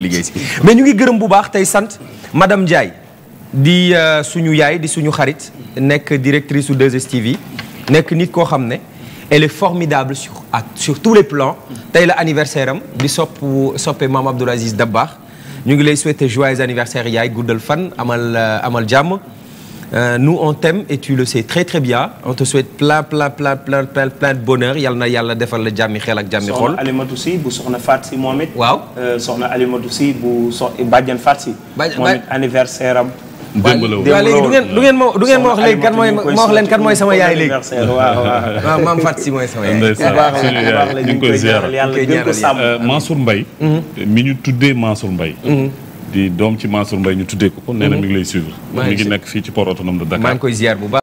liggéey si mais ñu ngi gërëm bu baax tey sant madame Ndiaye di euh, suñu yaay di suñu xarit nekk directrice su 2STV nekk nit koo xam ne elle est formidable sur à sur tous les plans tey la anniversaire am di sopp soppe maam Abdoul Aziz Dabakh ñu ngi lay souhaiter joyeux anniversaire yaay guddal fan amal euh, amal jàmm Euh, nous on t'aime et tu le sais très très bien on te souhaite plein plein plein plein plein plein de bonheur yal na yàlla defal la jàmmi xel ak jàmmi xol. soxna Alimatou Sy bu soxna Faat Sy euh, moom it. waaw soxna Alimatou Sy bu sox bàjjan Faat Sy. bàjjan moom it anniversaire am. démb la woon léegi du ngeen du ngeen ma du ngeen ma wax léegi kan mooy ma wax leen kan mooy sama yaay léegi. waaw waaw maam Fatou si mooy sama yaay. ñu ngi koy ziar ñu ngi koy ziar euh, Mansour Mbaye. Mhm. mi ñu tuddee Mansour Mbaye. Mhm. di doom ci Mansour Mbaye ñu tuddee ko ko. nee na mi ngi lay nekk fii ci port autonome de Dakar